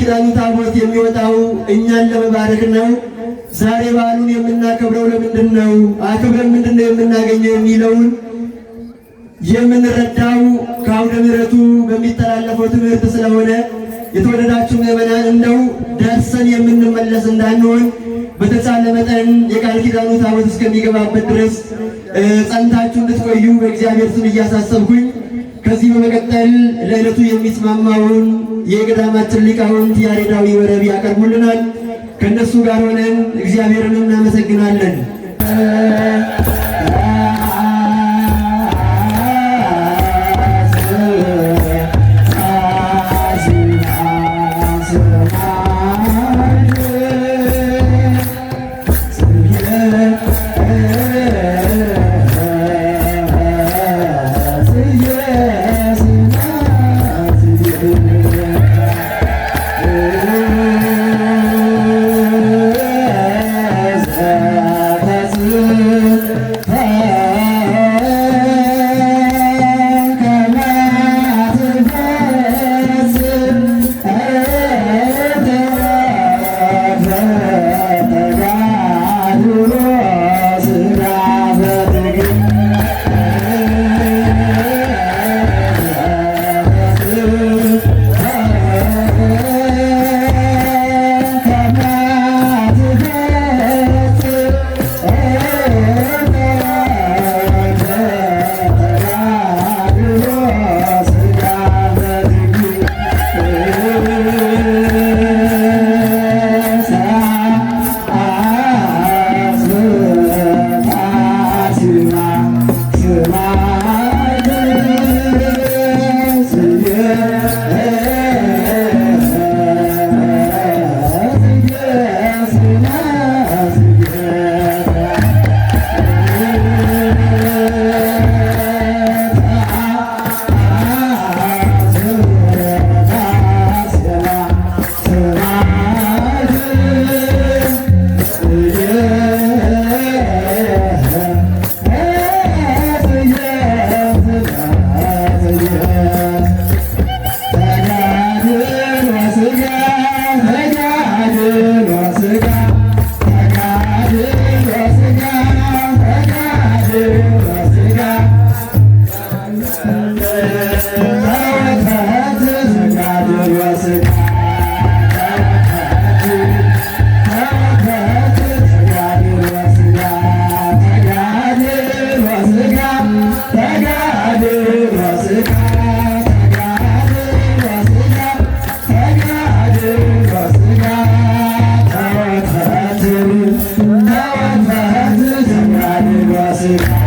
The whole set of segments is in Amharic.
ኪዳኑ ታቦት የሚወጣው እኛን ለመባረክ ነው። ዛሬ በዓሉን የምናከብረው ለምንድን ነው? አክብረን ምንድን ነው የምናገኘው የሚለውን የምንረዳው ከአውደ ምሕረቱ በሚተላለፈው ትምህርት ስለሆነ የተወደዳችሁ ምዕመናን እንደው ደርሰን የምንመለስ እንዳንሆን በተቻለ መጠን የቃል ኪዳኑ ታቦት እስከሚገባበት ድረስ ጸንታችሁ እንድትቆዩ በእግዚአብሔር ስም እያሳሰብኩኝ ከዚህ በመቀጠል ለዕለቱ የሚስማማውን የገዳማችን ሊቃውንት ያሬዳዊ ወረብ ያቀርቡልናል። ከእነሱ ጋር ሆነን እግዚአብሔርን እናመሰግናለን። Thank you.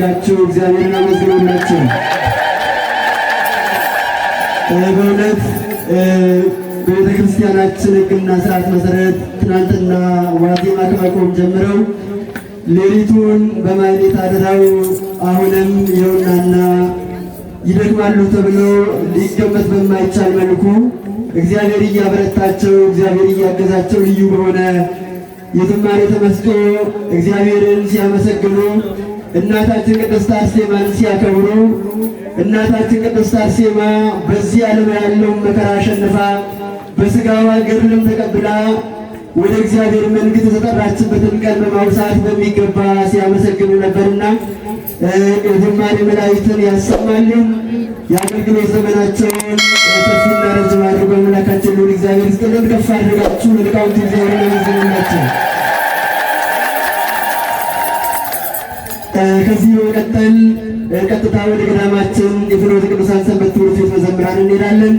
ስለወደዳችሁ እግዚአብሔርን አመስግኑላቸው። በእውነት በቤተ ክርስቲያናችን ሕግና ስርዓት መሰረት ትናንትና ዋዜማ ከመቆም ጀምረው ሌሊቱን በማኅሌት አድረው አሁንም ይኸውናና ይደክማሉ ተብሎ ሊገመት በማይቻል መልኩ እግዚአብሔር እያበረታቸው እግዚአብሔር እያገዛቸው ልዩ በሆነ የዝማሬ ተመስጦ እግዚአብሔርን ሲያመሰግኑ እናታችን ቅድስት አርሴማን ሲያከብሩ እናታችን ቅድስት አርሴማ በዚህ ዓለም ያለውን መከራ አሸንፋ በስጋዋ ገድልም ተቀብላ ወደ እግዚአብሔር መንግሥት የተጠራችበትን ቀን በማውሳት በሚገባ ሲያመሰግኑ ነበርና የዝማሬ መላእክትን ያሰማልን። የአገልግሎት ዘመናቸውን ሰፊና ረጅም አድርጎ አምላካችን እግዚአብሔር ይስጥልን። ከፍ አድርጋችሁ ለሊቃውንት እግዚአብሔር ያመስግኑላቸው። ከዚህ በመቀጠል ቀጥታ ወደ ገዳማችን የፍኖተ ቅዱሳን ሰንበት ትምህርት ቤት መዘምራን እንሄዳለን።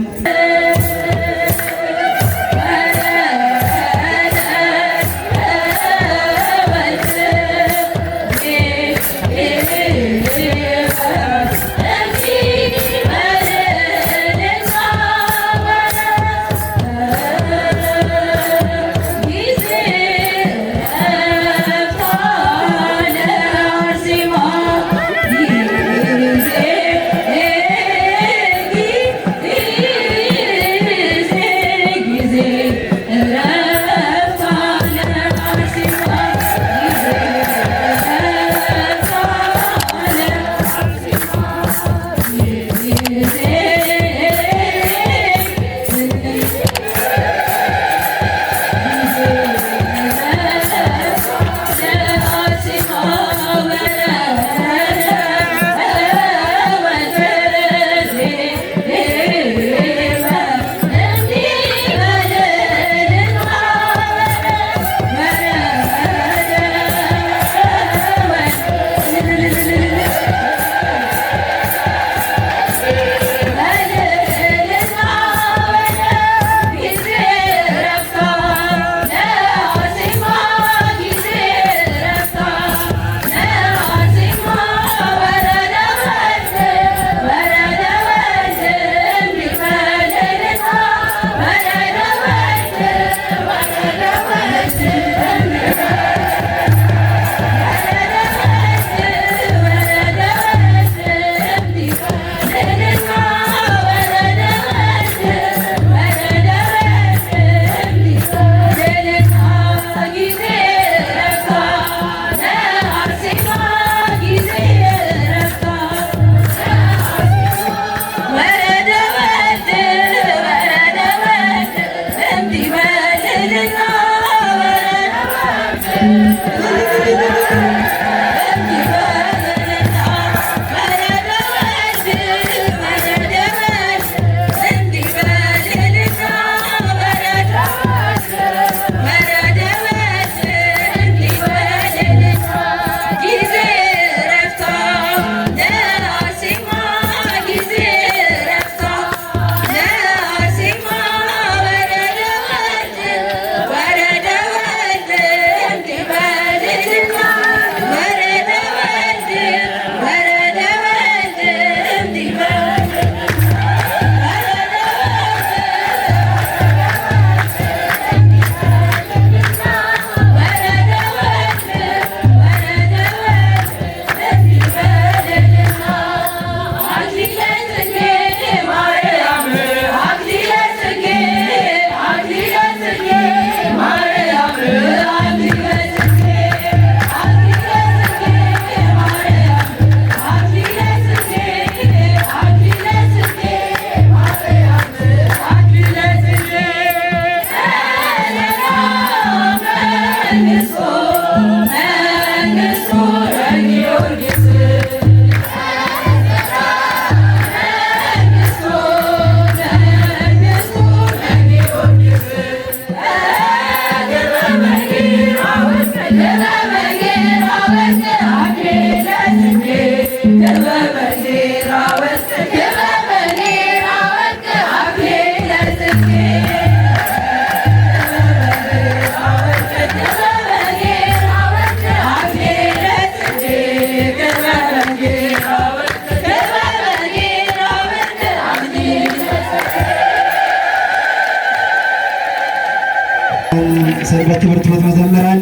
በትምህርት ቤት መዘመራን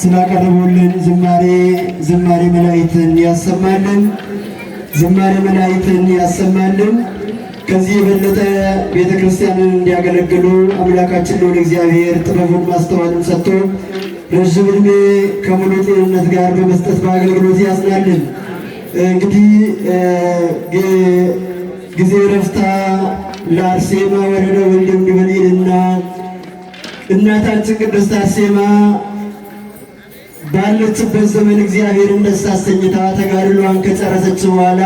ስላቀረቡልን ዝማሬ ዝማሬ መላእክትን ያሰማልን፣ ዝማሬ መላእክትን ያሰማልን። ከዚህ የበለጠ ቤተ ክርስቲያንን እንዲያገለግሉ አምላካችን ልዑል እግዚአብሔር ጥበቡን ማስተዋልን ሰጥቶ ረዥም ዕድሜ ከሙሉ ጤንነት ጋር በመስጠት በአገልግሎት ያጽናልን። እንግዲህ ጊዜ ረፍታ ለአርሴማ ወረደ ወንድም ድበኔልና እናታችን ቅድስት አርሴማ ባለችበት ዘመን እግዚአብሔርን ደስ አሰኝታ ተጋድሏን ከጨረሰች በኋላ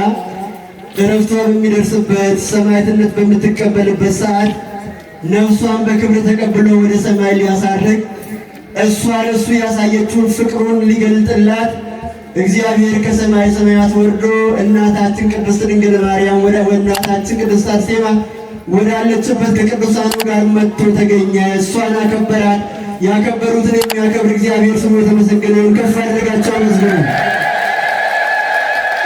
እረፍቷ በሚደርስበት ሰማዕትነት በምትቀበልበት ሰዓት ነፍሷን በክብር ተቀብሎ ወደ ሰማይ ሊያሳርግ እሷ ለእሱ ያሳየችውን ፍቅሩን ሊገልጥላት እግዚአብሔር ከሰማይ ሰማያት ወርዶ እናታችን ቅድስት ድንግል ማርያም ወደ እናታችን ቅድስት አርሴማ ወደ ያለችበት ከቅዱሳኑ ጋር መጥቶ ተገኘ። እሷን አከበራት። ያከበሩትን የሚያከብር እግዚአብሔር ስሙ የተመሰገነውን ከፍ አድርጋቸው መዝገቡ